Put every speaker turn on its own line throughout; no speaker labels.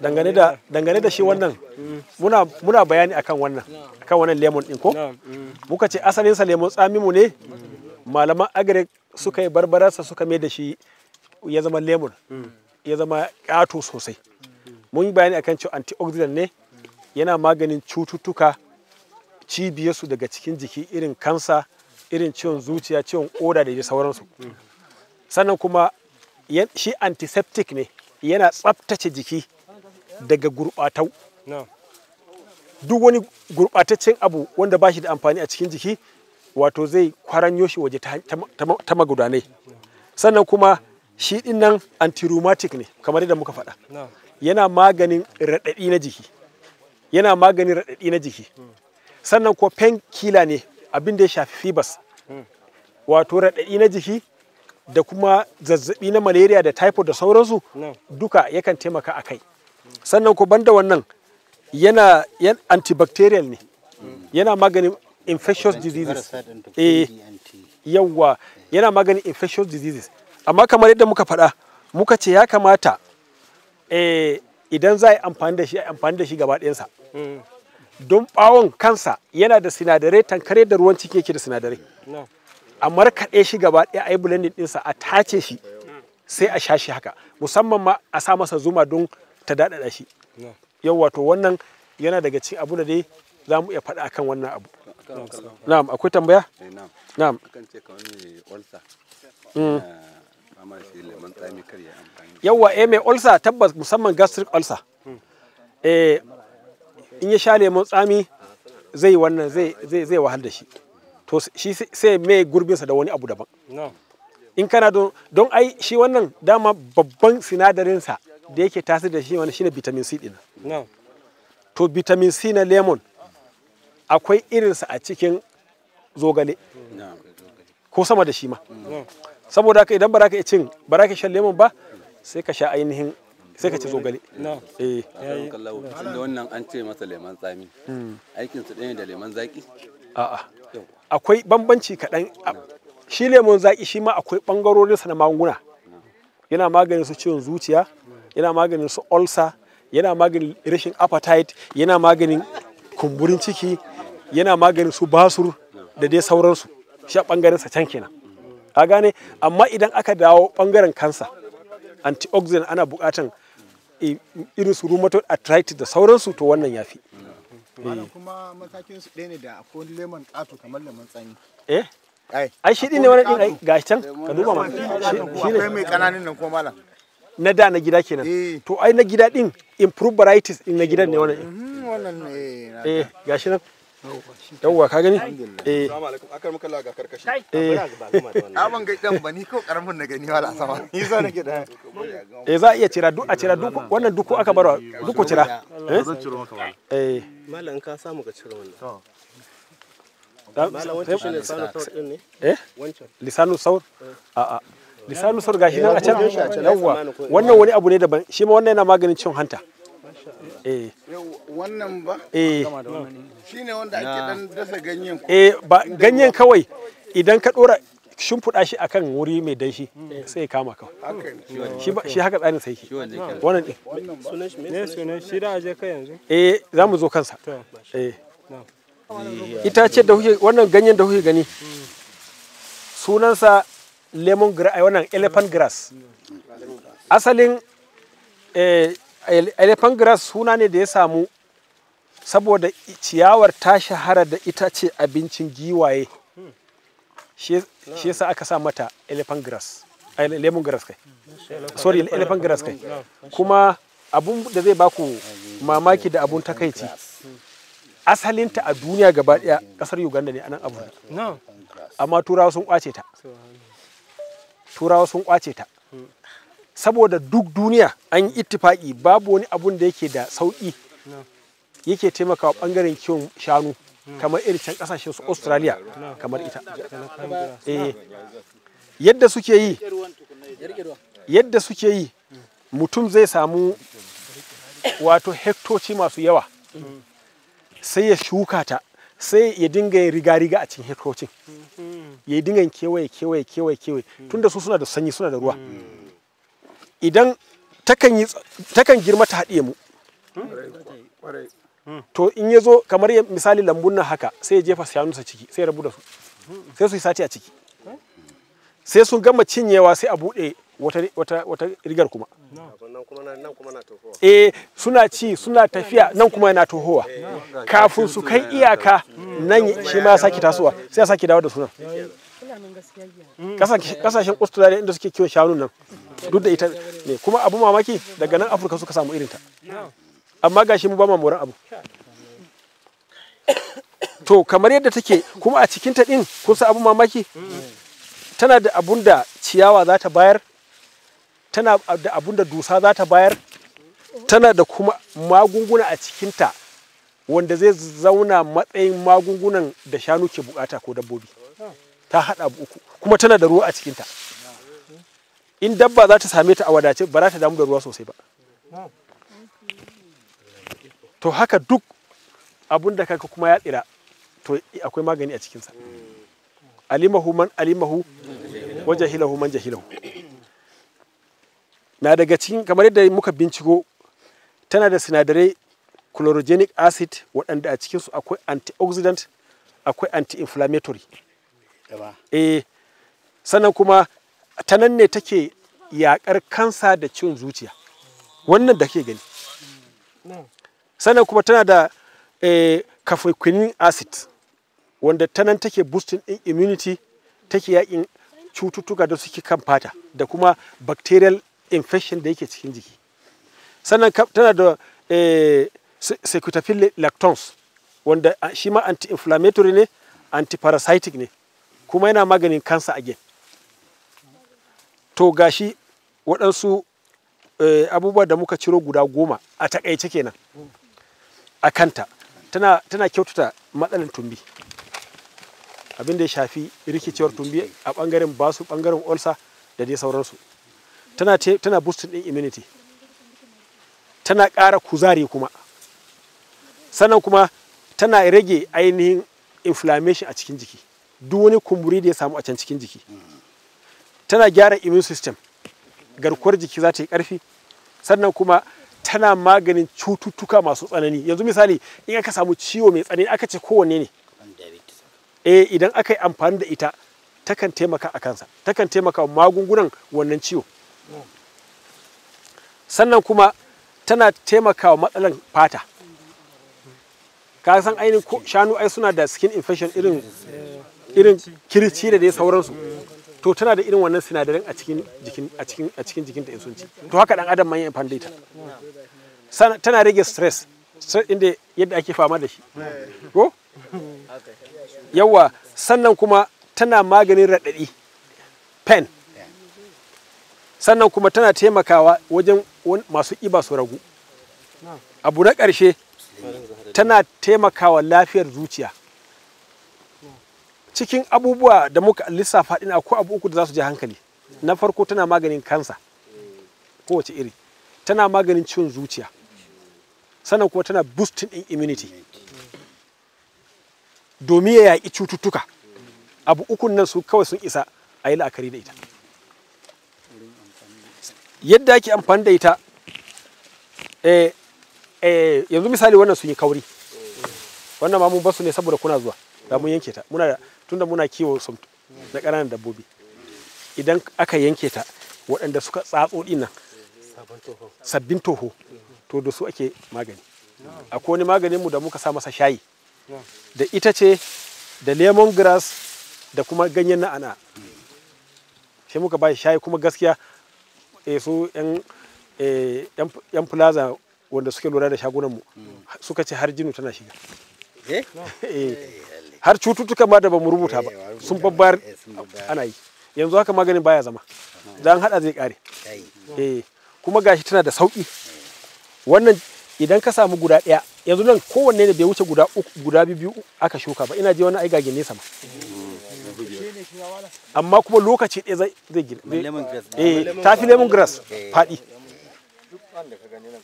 dangane da shi wannan muna bayani akan wannan akan wannan lemon din ko muka ce asalin sa lemon tsami mu ne malaman agric suka yi barbararsa suka mai da shi ya zama lemon ya zama ƙato sosai mun yi bayani akan cewa antioxidant ne yana maganin cututtuka cibiyarsu daga cikin jiki irin kansa irin ciwon zuciya ciwon koda da sauransu sannan kuma shi antiseptic ne yana tsaftace jiki daga gurɓatau duk wani gurɓataccen abu wanda ba shi da amfani a cikin jiki wato zai kwaranyo shi waje ta magudanai sannan kuma shi din nan antirumatic ne kamar da muka faɗa yana maganin raɗaɗi na jiki yana maganin raɗaɗi na jiki hmm. sannan ko kila ne abinda ya shafi fibers hmm. wato raɗaɗi na jiki da kuma zazzaɓi na malaria da typhoid da sauransu duka yakan taimaka a kai sannan ko banda wannan yana antibacterial ne yana maganin infectious diseases eh yana maganin infectious diseases amma kamar yadda muka faɗa muka ce ya kamata eh, idan za a yi amfani da shi a yi amfani da shi gaba don ɓawon kansa yana da sinadarai tankare da ruwan ciki yake da sinadarai a markaɗe shi gaba ɗaya a yi blending ɗinsa a tace shi sai a sha shi haka musamman ma a sa masa zuma don ta daɗaɗa shi yau wato wannan yana daga cikin abu da dai za mu iya faɗa akan wannan abu na'am akwai tambaya eh, na'am mm. eh, yawwa eh mai ulsa tabbas musamman gastric ulsa hmm. eh in ya sha lemon tsami zai wannan zai zai zai wahal da shi to shi sai mai gurbinsa da wani abu daban in kana don don ai shi wannan dama babban sinadarinsa da yake tasiri da shi wani shine vitamin C din to vitamin C na lemon akwai irinsa a cikin zogale ko sama da shi ma saboda haka idan baraka cin baraka shan lemon ba sai ka sha ainihin sai ka ci zogale eh da wannan an ce masa lemon tsami hmm. aikin su ɗaya da lemon zaki a'a akwai bambanci kaɗan shi lemon zaki shi ma akwai ɓangarorinsa na magunguna yana maganin su ciwon zuciya yana maganin su ulcer yana maganin rashin appetite yana maganin kumburin ciki yana maganin su basur da dai sauransu shi a bangaren sa can kenan a gane amma idan aka dawo bangaren kansa antioxidant ana bukatan irin su rheumatoid arthritis da sauransu to wannan yafi
kuma matakin su ɗaya ne da akwai lemon ƙato kamar lemon tsami eh ai shi ɗin ne wani ɗin ai gashi can ka duba ma shi ne mai ƙananin nan ko
malam na da na gida kenan eh. to ai na gida din improve varieties din na gidan ne wannan
mhm, wannan eh
gashi nan yawwa ka gani eh assalamu
alaikum akar muka laga karkashi eh
aman ga dan bani ko karamin na gani wala sama ni zo na gida eh za a iya cira duk a cira duk wannan duk ko aka barwa duk ko cira eh zan ciro maka wala eh mallan ka samu ka ciro wannan Malam wancan lisanu eh? saur ɗin ne? Eh? Wancan. Lisanu saur? Eh. A'a. lisanu sar gashi nan a can yawwa wannan wani abu ne daban shi ma wannan yana maganin cin hanta eh
wannan ba eh shine wanda ake dan dasa ganyen
eh ba ganyen kawai idan ka dora shimfiɗa shi akan wuri mai danshi sai ya kama kawai shi haka tsarin sai ki wannan din ne sunan shi da aje kai yanzu eh za mu zo kansa eh itace da wannan ganyen da kuke gani hmm. sunansa lemon grass eh, wannan elephant grass asalin eh, elephant grass suna ne da ya samu saboda ciyawar ta shahara da ita ce abincin giwaye shi yasa aka sa mata elephant grass eh, lemon grass kai sorry elephant grass kai kuma abun da zai baku mamaki da abun takaici asalinta a duniya gaba daya kasar uganda ne a nan abu amma turawa sun kwace ta turawa sun kwace ta saboda duk duniya an yi ittifaki babu wani abun da yake da sauki yake taimakawa bangaren kiwon shanu kamar irin can kasashen su australia kamar ita eh, yadda suke yi yadda suke yi mutum zai samu wato hektoci masu yawa sai ya shuka ta sai ya dinga yin riga-riga a cikin hirkocin mm-hmm. ya dinga yin kewaye kewaye kewaye kewaye mm. tunda su suna da sanyi suna da ruwa mm. idan takan girma ta haɗe mu mm. to in ya zo kamar misali lambun nan haka sai ya jefa sa ciki sai ya rabu da su sai su yi sati a ciki sai sun gama cinyewa sai a buɗe wata rigar kuma eh suna ci suna tafiya nan kuma yana tohowa eh, kafin su kai iyaka eh, nan shi ma sake tasowa sai ya sake dawo da sunan kasashen australia inda suke kiwon shanu nan duk da ita ne kuma abu mamaki daga nan afirka suka samu irinta amma gashi mu ba ma moran abu to kamar yadda take kuma a cikinta din kun san abu mamaki tana da abun da ciyawa za ta bayar tana da abun da dusa za ta bayar tana da kuma magunguna a cikinta wanda zai zauna matsayin magungunan da shanu ke bukata ko dabbobi ta haɗa uku kuma tana da ruwa a cikinta in dabba za ta same ta a wadace ba za ta damu da ruwa sosai ba to haka duk abun da kaka kuma ya tsira to akwai magani a cikinsa alimahu man alimahu wajahilahu man jahilahu na daga cikin kamar yadda muka binciko tana da sinadarai chlorogenic acid waɗanda a cikinsu akwai antioxidant akwai anti-inflammatory eh sannan kuma ta nan ne take yaƙar kansa da ciwon zuciya wannan da ke gani sannan kuma tana da eh, acid wanda ta nan take boosting din immunity take yaƙin cututtuka da suke kan fata da kuma bacterial infection da yake cikin jiki sannan tana da eh, secutafil lactons wanda ah, shi ma anti-inflammatory ne anti-parasitic ne kuma yana maganin kansa a again to gashi waɗansu eh, abubuwa da muka ciro guda goma a takaice kenan a kanta tana, kyautata matsalin tumbi abinda ya shafi rikicewar tumbi a ɓangaren basu ɓangaren olsa da dai sauransu tana tana boosting din immunity tana ƙara kuzari kuma sannan kuma tana rage ainihin inflammation a cikin jiki duk wani kumburi da ya samu a can cikin jiki tana gyara immune system garkuwar jiki za ta yi ƙarfi sannan kuma tana maganin cututtuka masu tsanani yanzu misali in aka samu ciwo mai tsanani aka ce kowanne ne eh idan aka yi amfani da ita takan taimaka a kansa takan taimaka magungunan wannan ciwo sannan kuma tana taimakawa matsalan fata ka san ainihin shanu ai suna da skin infection irin irin kirci da dai sauransu to tana da irin wannan sinadarin a cikin jikin a cikin a cikin jikinta in sun ci to haka dan adam man yin pandita tana rage stress inda yadda ake fama da shi ko yawa sannan kuma tana maganin radadi pen sannan kuma tana taimakawa wajen masu iba su ragu abu na ƙarshe tana taimakawa lafiyar zuciya cikin abubuwa da muka lissafa ɗin akwai abu uku da za su je hankali na farko tana maganin kansa kowace iri tana maganin ciwon zuciya sannan kuma tana boosting in immunity domin ya yaƙi cututtuka abu uku nan su kawai sun isa a yi la'akari da ita yadda ake amfani da ita eh, eh, yanzu misali wannan sun yi kauri wannan ma mun basu ne saboda kuna zuwa da mun yanke ta muna tunda muna kiwo sum na ƙananan dabbobi idan aka yanke ta waɗanda suka tsatso nan sabbin toho to da su ake magani akwai wani maganin mu da muka sa masa shayi da ita ce da lemon grass da kuma ganyen na'ana sai muka ba shayi kuma gaskiya Eh, su eh, yan plaza wanda suke lura da shagunanmu suka ce har jinu tana shiga eh? har cututtuka ma da ba mu rubuta ba sun babbar ana yi yanzu haka maganin baya zama dan hada zai kare kuma gashi tana da sauki wannan idan ka samu guda daya yanzu nan kowanne da bai wuce guda biyu aka shuka ba ina je wani ai gage nesa ma amma kuma lokaci ɗaya zai zai gina eh ta fi lemon grass eh. faɗi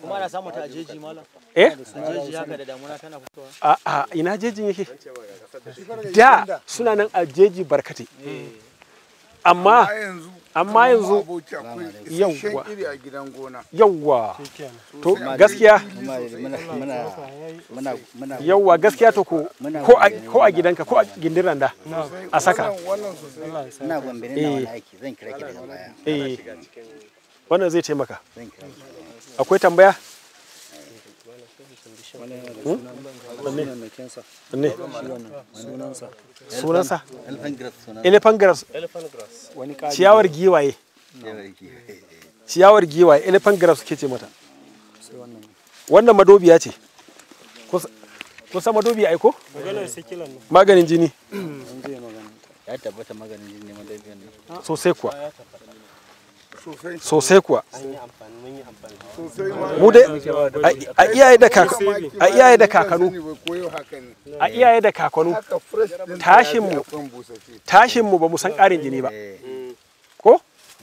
kuma ana samu ta jeji malam eh jeji haka da damuna tana fitowa a a ina jejin yake da suna nan a jeji barkate eh. amma yanzu amma yanzu yawwa
yawwa to gaskiya yawwa
gaskiya to ko ko a gidanka ko a gindiran da a saka
ina gwambe na aiki zan kira ki daga eh. baya
eh wannan zai taimaka akwai tambaya Hmm? ne sunansa elephant ciyawar giwaye ciyawar giwaye elephant grass ce mata wannan madobiya ce kusa madobi aiko maganin jini ya tabbata maganin jini madobiya ne sosai kuwa sosai kuwa a iyaye da kakanu a tashin mu ba mu san karin jini ba eh. ko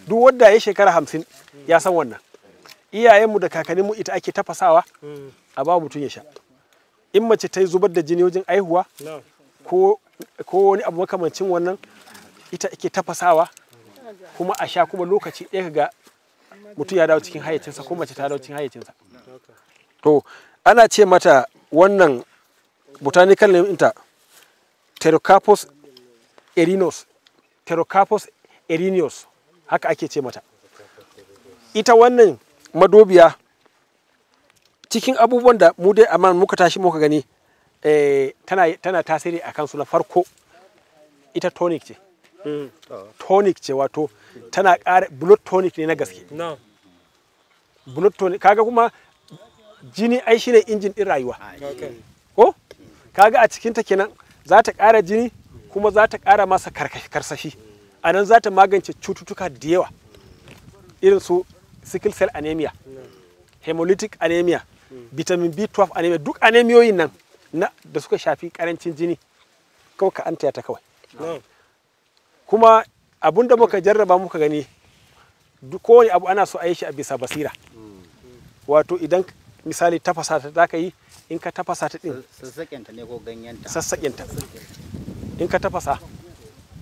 duk wanda ya shekara hamsin ya san wannan iyayenmu da kakanninmu ita ake tafasawa a ba mutum ya sha in mace ta yi zubar da jini wajen aihuwa ko wani abu makamancin wannan ita ake tafasawa kuma a sha kuma lokaci ɗaya ga mutum ya dawo cikin hayyacinsa ko mace ta dawo cikin hayyacinsa to ana ce mata wannan botanical name ɗinta pterocarpus erinos pterocarpus erinius haka ake ce mata ita wannan madobiya cikin abubuwan da mu dai amma muka tashi muka gani eh, tana, tasiri a kansu na farko ita tonic ce tonic ce wato tana ƙara blood tonic ne na gaske blood tonic kaga kuma jini ai shine injin din rayuwa ko kaga a cikin ta kenan za ta ƙara jini kuma za ta ƙara masa karsashi a nan za ta magance cututtuka da yawa irin su sickle cell anemia hemolytic anemia vitamin b12 anemia duk anemiyoyin nan da suka shafi karancin jini kawai ka anta ta kawai kuma abun da muka jarraba muka gani kowane abu ana so a yi shi a bisa basira wato idan misali tafasa ta za ka yi in ka tafasa ta din sassaƙinta in ka tafasa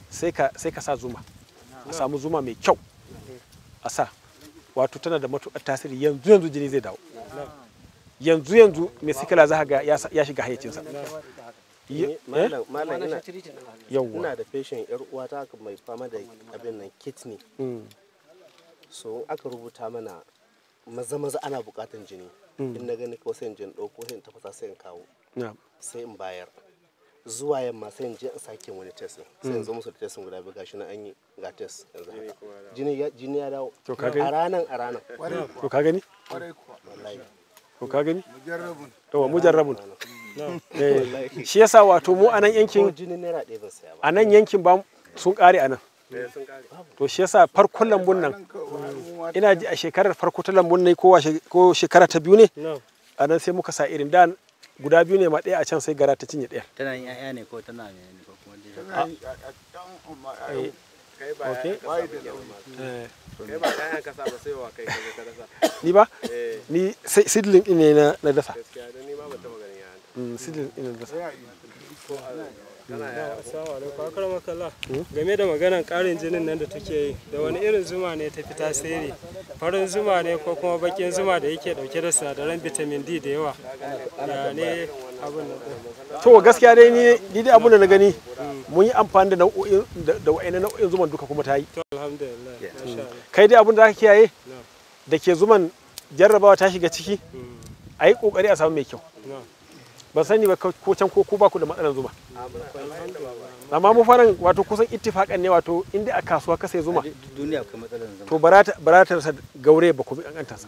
sai ka sa zuma a samu zuma mai kyau a sa wato tana da matuƙar tasiri yanzu yanzu jini zai dawo yanzu yanzu mai sikila za ga ya shiga hayyacinsa Eh? malam ina ina da patient yar uwata mai fama da abin nan kidney mm. so aka rubuta mana maza maza ana bukatan jini mm. in na gani ko sai in jin ɗauko sai in tafasa sai in kawo sai in bayar zuwa yamma sai in je in sake wani test sai in mm. zo musu da testin guda biyu gashi na an yi ga test yanzu jini ya dawo a ranan a ranan to ka gani wallahi to ka gani to mujarrabun shi yasa wato mu a nan yankin a nan yankin ba sun kare a nan to shi yasa farkon lambun nan ina ji a shekarar farko ta lambun ne ko shekara ta biyu ne a nan sai muka sa irin da guda biyu ne ma ɗaya a can sai gara ta cinye ɗaya
tana yin ƴaƴa ne ko tana ne ko kuma ni
ba eh. ni sidlin mm, ne na dasa gaskiya ni ina dasa game da maganan karin jinin nan da take yi da wani irin zuma ne ta fita tasiri farin zuma ne ko kuma bakin zuma da yake dauke da sinadaran vitamin d da yawa da ne abin
to gaskiya dai ni ni dai abin da na gani
mun yi amfani da nau'o'in da wa'annan nau'o'in zuman duka kuma ta yi mm. kai dai abin da aka kiyaye da ke zuman jarrabawa ta shiga ciki mm. ayi yi kokari a samu mai kyau ban sani ba ko can ko ku ba ku da matsalar zuma amma mu faran wato kusan ittifakan ne wato inda a kasuwa ka sai zuma duniya
ka matsalar zuma
to baratar sa gaure ba ku bi kankanta sa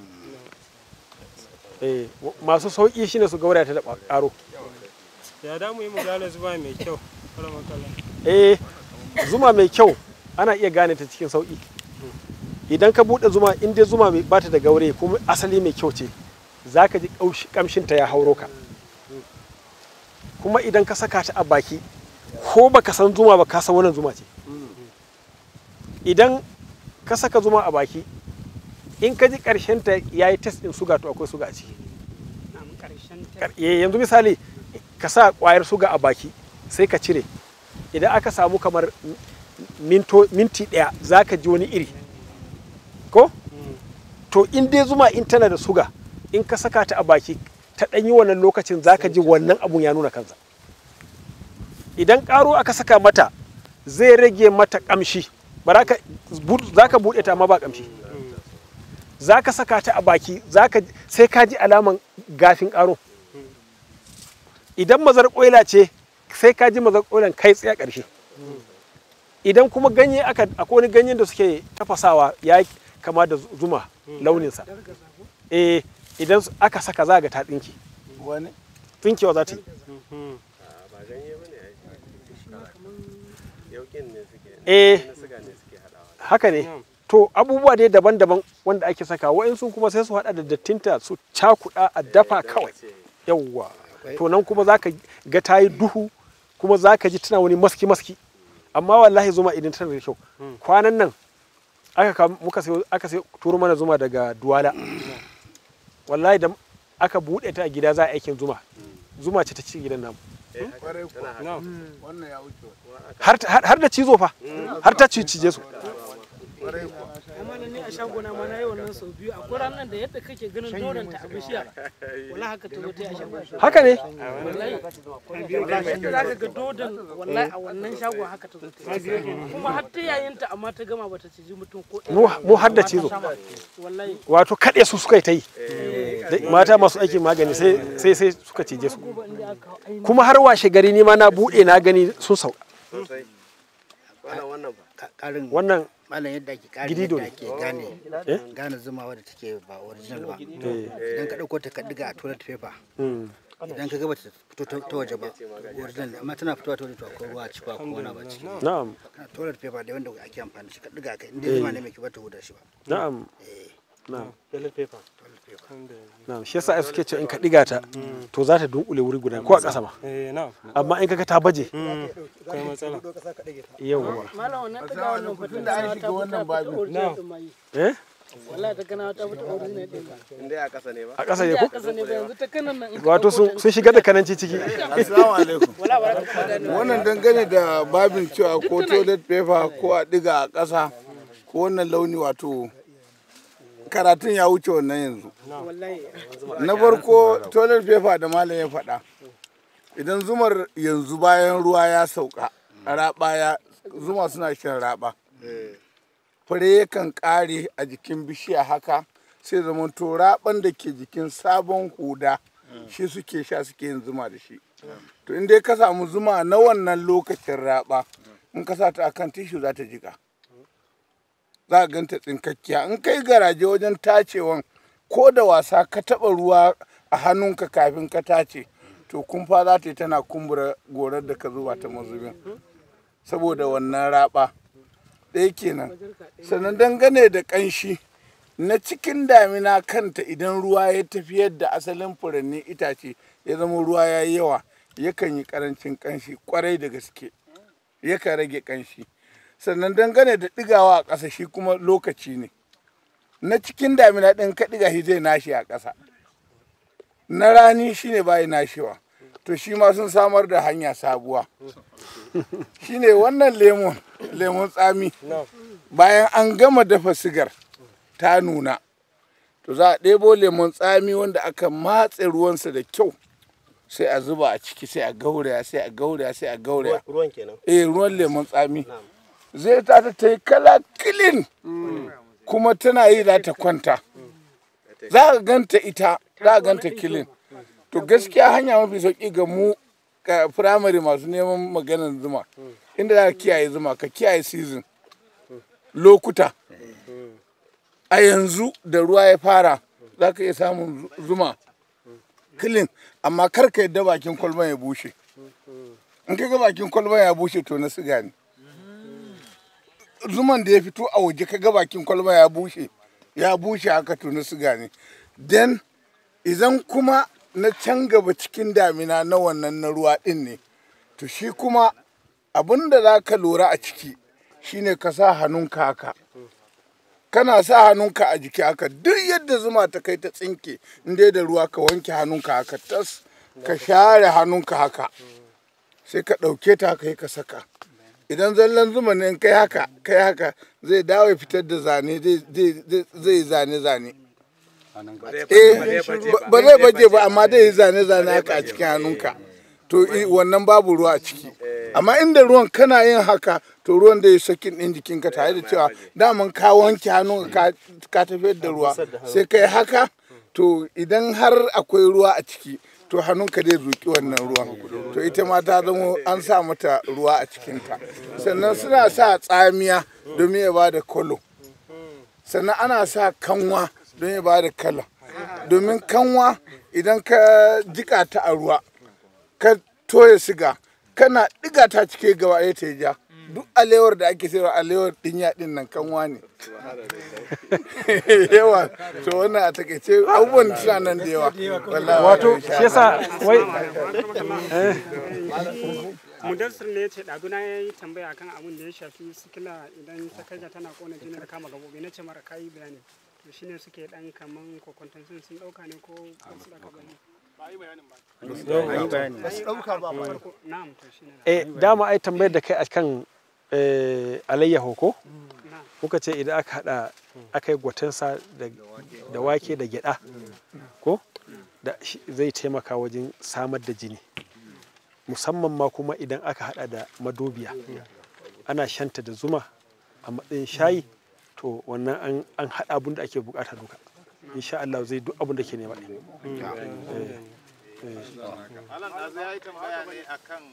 eh masu sauki shine su gaure ta da aro ya da mu yi mugala zuma mai kyau eh zuma mai kyau ana iya gane ta cikin sauki idan ka bude zuma inda zuma bata da gaure kuma asali mai kyau ce za ka ji kamshinta ya hauro ka kuma idan ka saka ta a baki ko baka san zuma ba ka san wannan zuma ce idan ka saka zuma a baki in ka ji karshen ta yayi test din suga to akwai suga a ciki eh, yanzu misali ka sa kwayar suga a baki sai ka cire idan aka samu kamar minti ɗaya, za ka ji wani iri ko hmm. to in dai zuma in tana da suga in ka saka ta a baki ta ɗan yi wannan lokacin za ka ji wannan abun ya nuna kansa idan ƙaro aka saka mata zai rage mata ƙamshi za ka buɗe ta ma ba ƙamshi za ka saka ta a baki sai ka ji alaman gafin ƙaro idan mazar ƙwaila ce sai ka ji mazar ƙwailan kai tsaye ƙarshe idan kuma ganye aka akwai wani ganyen da suke tafasawa ya kama da zuma launinsa eh idan aka saka za ga ta tsinki wani tsinkewa za ta yi eh
haka ne
to abubuwa dai daban-daban wanda ake saka wa'insu kuma sai su hada da dattinta su cakuɗa a dafa kawai yawwa to nan kuma za ka ga ta duhu kuma za ka ji tana wani maski-maski amma wallahi zuma idan tana da kyau hmm. kwanan nan aka muka aka sai turo mana zuma daga duwala wallahi da aka buɗe ta a gida za a aikin zuma hmm. zuma ce ta cikin gidan namu
eh, hmm.
har da cizo fa hmm. har ta cije su amma nan ne a shagona ma na yi wannan sau biyu a kuran nan da yadda kake ganin doron ta a wala haka ta wuce a haka ne wallahi zaka ga dodon wallahi a wannan haka ta wuce kuma har ta yayin ta amma ta gama bata mutum ko mu har da wallahi wato kade su suka yi ta yi mata masu aikin magani sai sai suka cije su kuma har washe gari ne ma na buɗe na gani sun sauka wannan malam yadda ake kare gidi eh? da ke gane gane zuma wadda take ba original ba idan ka dauko eh. ta ka diga a toilet paper hmm. idan ka gaba ta fito ta waje ba original amma tana fitowa ta waje to akwai ruwa ci ba ko wani ba ciki na'am toilet paper da wanda ake amfani shi ka diga kai inda eh. zuma ne mai ki ba huda shi ba na'am na'am toilet paper na'am shi yasa suke in ka diga ta to za ta dunkule wuri guda a ƙasa eh, amma in kaga ta baje mm, kai matsala malam wannan wannan da wannan babu eh wallahi ta kana ta fita wuri ne din a ƙasa ne ba a ƙasa ne ko a ƙasa ne ba yanzu ta nan wato sun sun shiga da kananci ciki wannan dangane
da babin cewa ko toilet paper ko a diga a ƙasa ko wannan launi wato karatun ya wuce wannan yanzu
na farko
toilet paper da malam ya faɗa idan zumar yanzu bayan ruwa ya sauka raɓa ya zuma suna shan raɓa fure yakan ƙare a jikin bishiya haka sai zaman to raɓan da ke jikin sabon huda shi suke sha suke yin zuma da shi to inda dai ka samu zuma na wannan lokacin raɓa in ka sa ta akan tishu za ta jika za a ganta tsinkakkiya in kai garaje wajen tacewan ko da wasa ka taɓa ruwa a hannunka kafin ka tace to kun fa za ta yi tana kumbura gorar da ka zuba ta mazubin saboda wannan raba ɗaya kenan sannan dangane da ƙanshi na cikin damina kanta idan ruwa ya tafi yadda asalin furanni itace ya zama ruwa ya yi yawa yakan yi ƙarancin ƙanshi ƙwarai da gaske yakan rage ƙanshi sannan dangane da ɗigawa a ƙasa shi kuma lokaci ne na cikin damina ɗin ka ɗiga shi zai nashi a ƙasa na rani shi ne bayi nashewa to shi ma sun samar da hanya sabuwa shi ne wannan lemon lemon tsami bayan an gama dafa sigar ta nuna to za a ɗebo lemon tsami wanda aka matse ruwansa da kyau sai a zuba a ciki sai a gauraya sai a gauraya sai a gauraya ruwan kenan eh ruwan lemon tsami zai ta ta ta yi kala kilin kuma tana yi za ta kwanta za ka ganta ita za ka ganta kilin to gaskiya hanya mafi sauki ga mu firamare masu neman maganar zuma inda za ka kiyaye zuma ka kiyaye season lokuta a yanzu da ruwa ya fara za ka iya samun zuma kilin amma kar ka yadda bakin kwalban ya bushe in ka ga bakin kwalban ya bushe to na siga ne zuman da ya fito a waje ka ga bakin kwalba ya bushe ya bushe haka tuni siga ne den idan kuma na can gaba cikin damina na wannan na ruwa din ne to shi kuma abin da za ka lura a ciki shine ka sa hannunka haka kana sa hannunka a jiki haka duk yadda zuma ta kai ta tsinke in dai da ruwa ka wanke hannunka haka tas ka share hannunka haka sai ka ɗauke ta kai ka saka idan zallan zuma ne kai haka kai haka zai dawo fitar da zane zai zane zane eh, ba zai baje ba amma dai zane zane haka a cikin hannunka to wannan babu ruwa a ciki amma inda ruwan kana yin haka to ruwan da ya sakin din jikinka tare da cewa daman ka wanke hannun ka tafiyar da ruwa sai kai haka to idan har akwai ruwa a ciki to hannunka zai zuki wannan ruwan to ita ma ta zama an sa mata ruwa a cikinta sannan suna sa tsamiya domin ya ba da kolo sannan ana sa kanwa don ya ba da kala domin kanwa idan ka jika ta a ruwa ka toye siga kana ɗiga ta cike gaba ya ta ja duk alewar da ake sayarwa alewar dinya din nan kanwa ne yawa to wannan a takaice abubuwan suna nan da yawa wato shi yasa wai
mudassir ne ce ya yi tambaya akan abin da ya shafi sikila idan ta kai tana kona jinar kama gabobi na ce mara kayi bayani to shine suke dan kaman sun dauka ne ko su bane ba Eh dama ai tambayar da kai akan Eh, alayyaho ko mm. kuka ce idan aka hada aka yi gwatansa da wake da gyada ko da zai taimaka wajen samar da jini musamman ma kuma idan aka hada da madobiya ana shanta da zuma a matsayin shayi to wannan an hada abun da ake bukata duka insha Allah zai duk abin da ke nema mm. eh, eh,
ne akan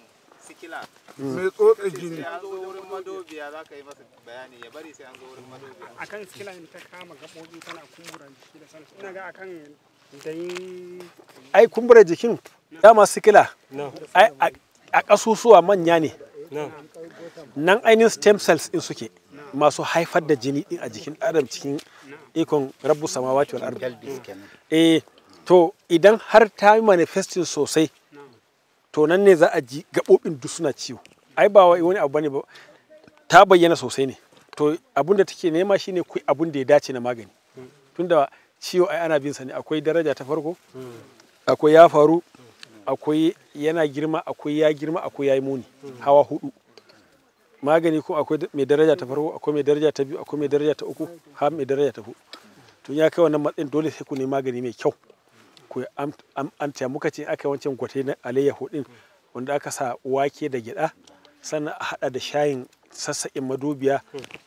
sikila mai mm. tsotsa jini ya zo
wurin madobiya za ka yi masa bayani ya bari sai an zo wurin madobiya sikila ta kama gaɓoɓi tana kumbura jiki da ina ga dayin ai kumbura jikin dama sikila a ƙasusuwa manya ne nan ainihin stem cells in suke masu haifar da jini din a jikin adam cikin ikon rabu samawati wal ardi eh to idan har ta yi manifestin sosai to nan ne za a ji gaɓoɓin duk suna ciwo ai ba wani abu bane ba ta bayyana sosai ne to abin da take nema shine ku abin da ya dace na magani tunda ciwo ai ana bin sa ne akwai daraja ta farko akwai ya faru akwai yana girma akwai ya girma akwai yayi muni hawa hudu magani ko akwai mai daraja ta farko akwai mai daraja ta biyu akwai mai daraja ta uku har mai daraja ta hudu tun ya kai wannan matsayin dole sai ku ne magani mai kyau an amtiya muka ce aka wancan gwate na alayyahu din wanda aka sa wake da gyada sannan a hada da shayin sassaƙin madubiya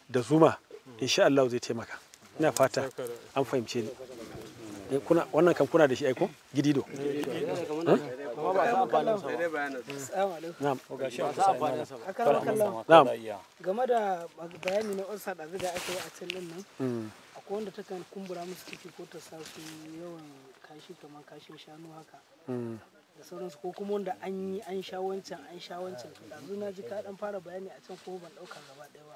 da zuma insha Allah zai taimaka ina fata an fahimce ni eh, kuna wannan kan kuna da shi aiko gidido game da bayani na ulsa da aka yi a can nan mm. akwai wanda ta kan kumbura musu ciki ko ta sa su yawan kashi kamar kashin shanu haka hmm. da sauransu ko kuma wanda an yi an sha wancan an sha wancan to yanzu na ji ka dan fara bayani a can ko ban dauka gaba ɗaya ba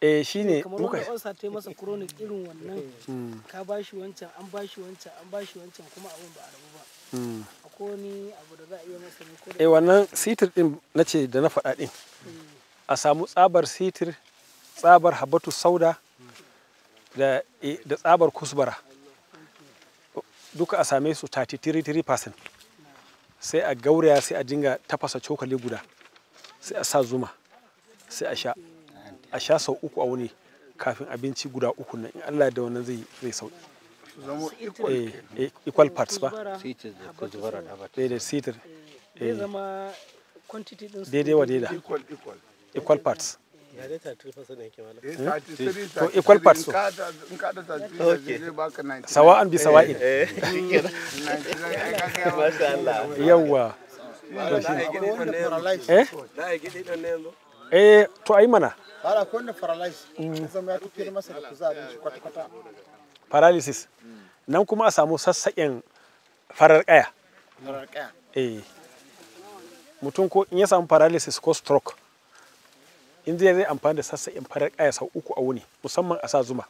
eh shine kamar wanda ulsa ta yi masa chronic irin wannan hmm. ka bashi wancan an bashi wancan an bashi wancan kuma abun ba a rabu ba hmm. akwai wani abu da za a iya masa ne ko da eh wannan sitir din nace da na faɗa din a samu tsabar sitir tsabar habatu sauda da eh, tsabar kusbara duka a same su 33% sai a gauraya sai a dinga tafasa cokali guda sai a sa zuma sai a sha a sha sau uku a wuni kafin abinci guda uku nan in Allah da wannan zai zai sauki eh, eh, equal parts ba daidai sitir eh. daidai wa daida equal parts Eh, eh, to equal part so sawa'an bi sawa'in eh, eh. to ai mana mm. paralysis nan kuma a samu sassaƙen farar ƙaya mutum ko in ya samu paralysis ko stroke in zai zai amfani da sassaƙin farar kaya sau uku a wuni musamman a sa zuma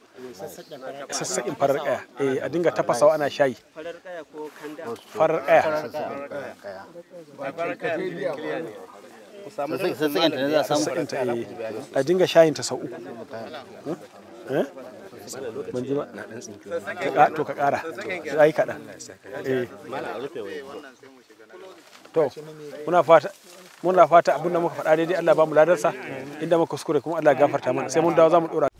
sassaƙin farar kaya eh, a dinga tafasawa ana shayi farar kaya sassaƙin ta eh, a dinga shayin ta sau uku hmm? eh? to ka ƙara ai kaɗan to muna fata muna fata abinda muka faɗa daidai Allah ba mu ladarsa inda muka kuskure kuma Allah gafarta mana sai mun dawo za mu dora